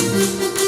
Thank you.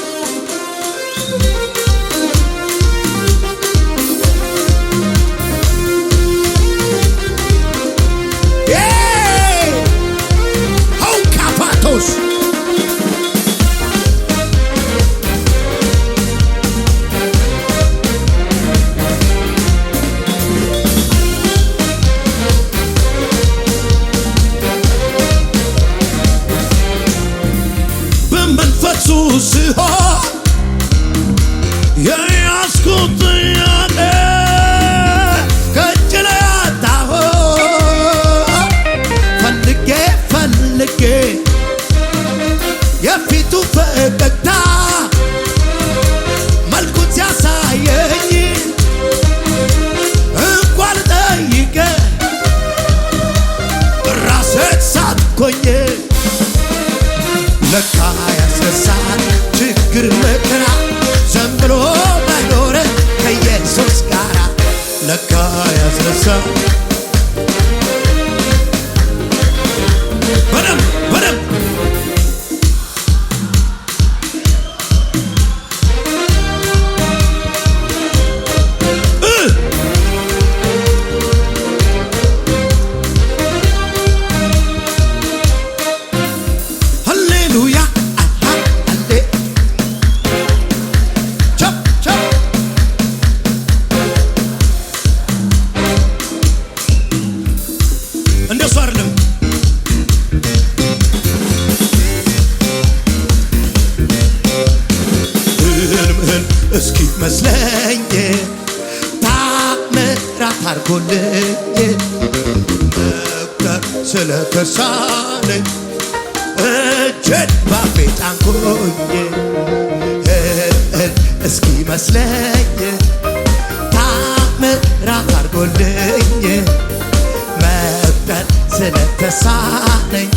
የፊቱ ፈገግታ መልኩን ሲያሳየኝ እንኳን ጠይቀ ራሴ ሳትኮኝ ለካ ያስነሳል ችግር መከራ ዝም ብሎ መኖር ከኢየሱስ ጋራ ለካ ያስነሳል አርጎልኝ መቁጠር ስለተሳነኝ እጄን ባፌ ጫንኩኝ እስኪ መስለኝ ታምራት አርጎልኝ መቁጠር ስለተሳነኝ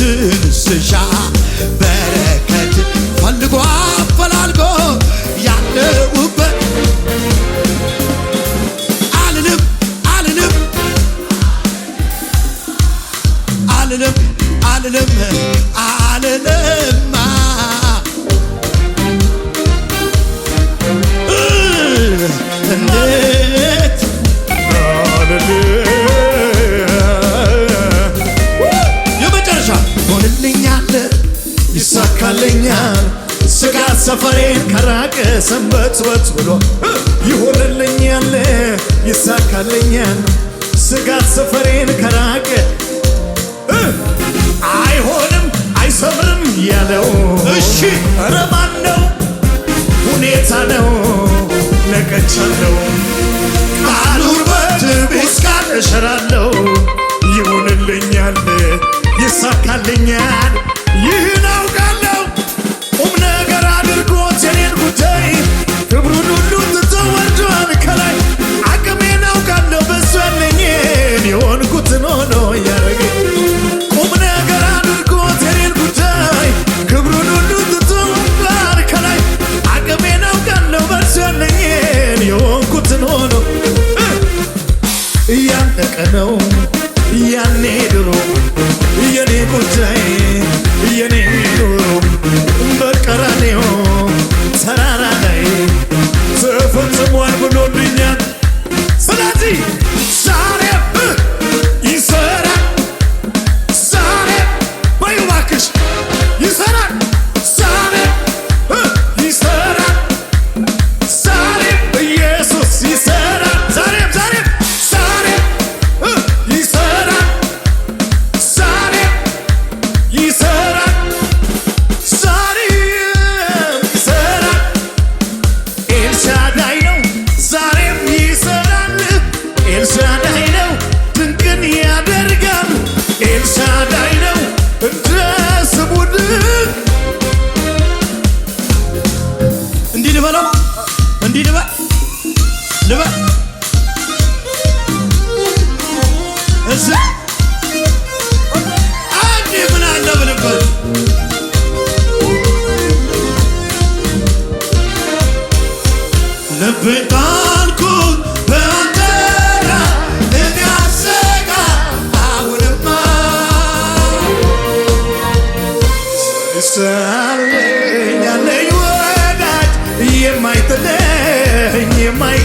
ስንስሻ ሰንበት ሰንበትበት ብሎ ይሆንልኛል ይሳካልኛል ስጋት ሰፈሬን ከራቀ አይሆንም አይሰምርም ያለው እሺ ረማን ነው ሁኔታ ነው ነቀቻለው ቃሉን በትቢስ ቃል እሸራለው ይሆንልኛል ይሳካልኛል I know.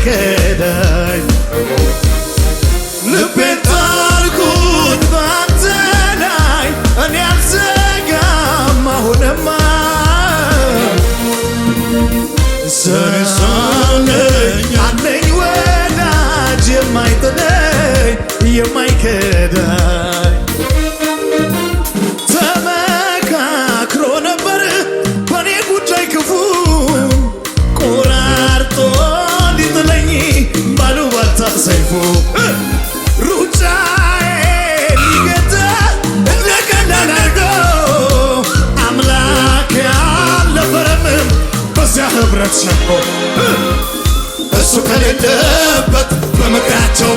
que እሱ ከሌለበት በምክራቸው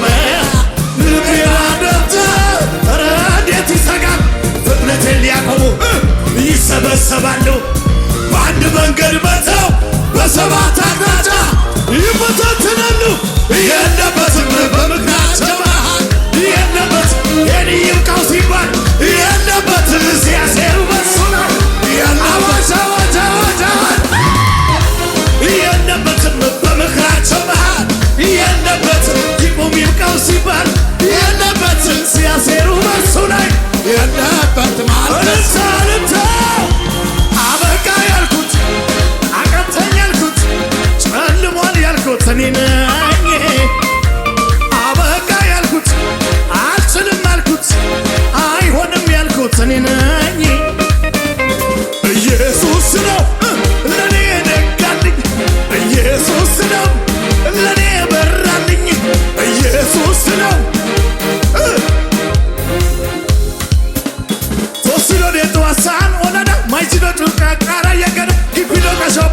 ኧረ እንዴት ይሰጋል። ፍጥነቴን ሊያቆሙ ይሰበሰባሉ። በአንድ መንገድ መተው በሰባት አቅጣጫ ይበታተናሉ። የለበትም በምክራቸው የለበት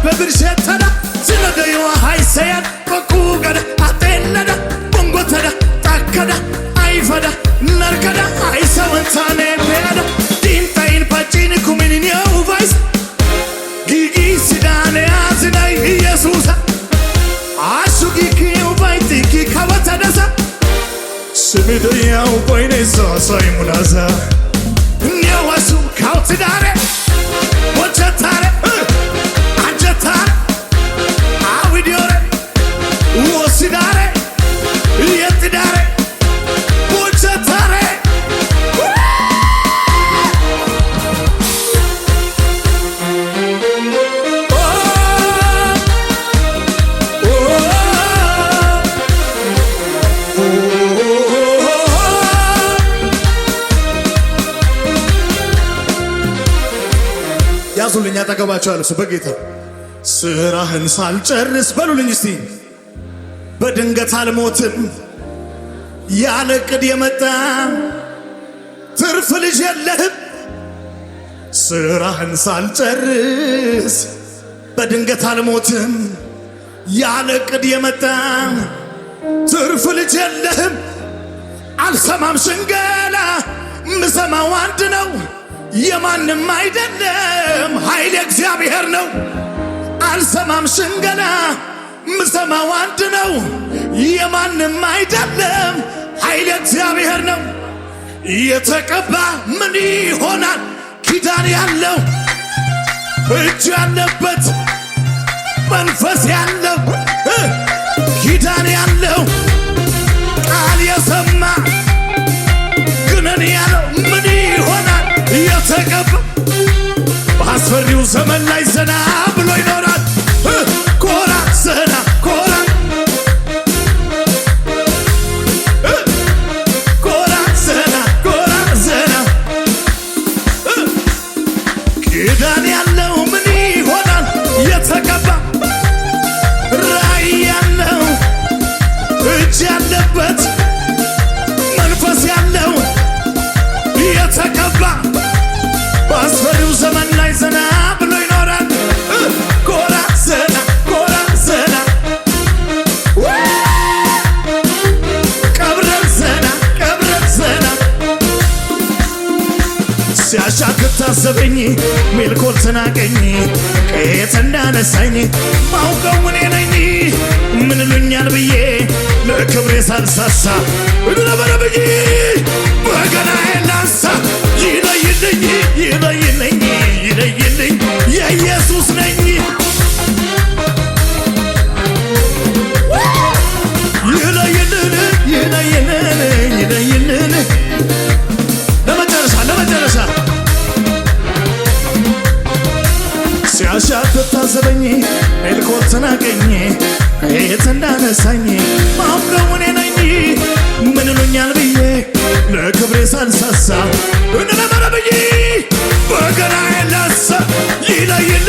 በብርሸተዳ ዝነደይዋ ሃይሰያን በኩገደ አጤነዳ ቦንጎተዳ ጣከዳ አይፈዳ ነርከዳ አይሰወንታኔ ፔዳ ዲንታይን ባጪን ኩሚንን የውቫይስ ጊጊ ሲዳነ ያዝናይ ኢየሱሳ አሹ ጊኪው ባይቲኪ ከበተደሳ ስሚድያው ቆይኔሳ ሳይሙናዛ እኒያዋሱ ካውትዳሬ ወቸታሬ ያረከባቸዋል እሱ ስራህን ሳልጨርስ በሉልኝ እስቲ በድንገት አልሞትም ያለ ዕቅድ የመጣ ትርፍ ልጅ የለህም። ስራህን ሳልጨርስ በድንገት አልሞትም ያለ ዕቅድ የመጣ ትርፍ ልጅ የለህም። አልሰማም ሽንገላ ምሰማው አንድ ነው የማንም አይደለም ኃይል እግዚአብሔር ነው። አልሰማም ሽንገላ ምሰማው አንድ ነው። የማንም አይደለም ኃይል እግዚአብሔር ነው። የተቀባ ምን ይሆናል? ኪዳን ያለው እጅ ያለበት መንፈስ ያለው አሳሰበኝ ሚልኮል ተናቀኝ ቀየት እንዳነሳኝ ማውቀው እኔ ነኝ ምን ሉኛል ብዬ ለክብሬ ሳልሳሳ እግረ ሲያስበኝ መልኮት ናቀኝ ከየት እንዳነሳኝ ማፍረው ነኝ ምን ሉኛል ብዬ ለክብሬ ሳልሳሳ እንለመረ ብዬ በገና የላሰ ይለይን